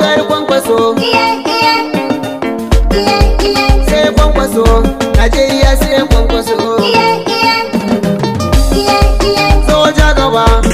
wakar kwankwaso sai kwankwaso najeriya sai kwankwaso soja gaba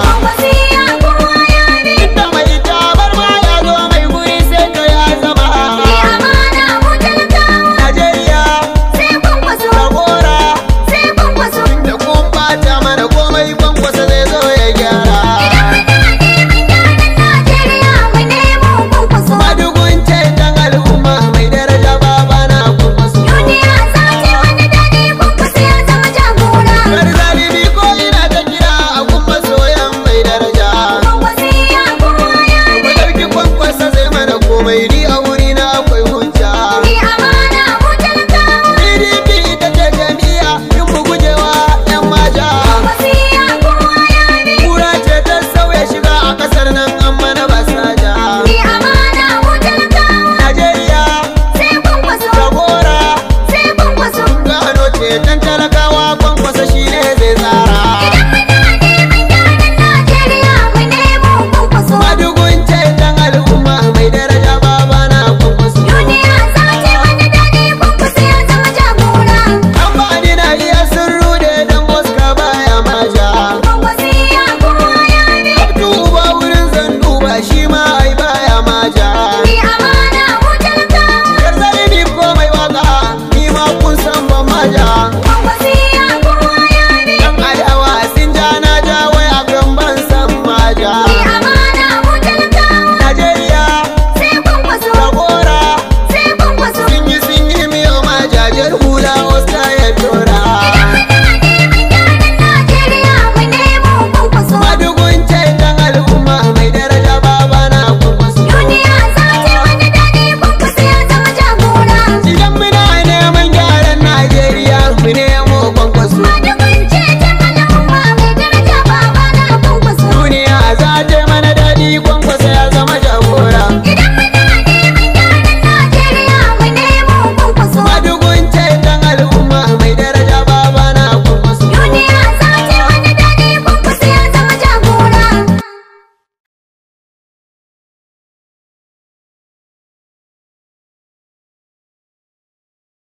아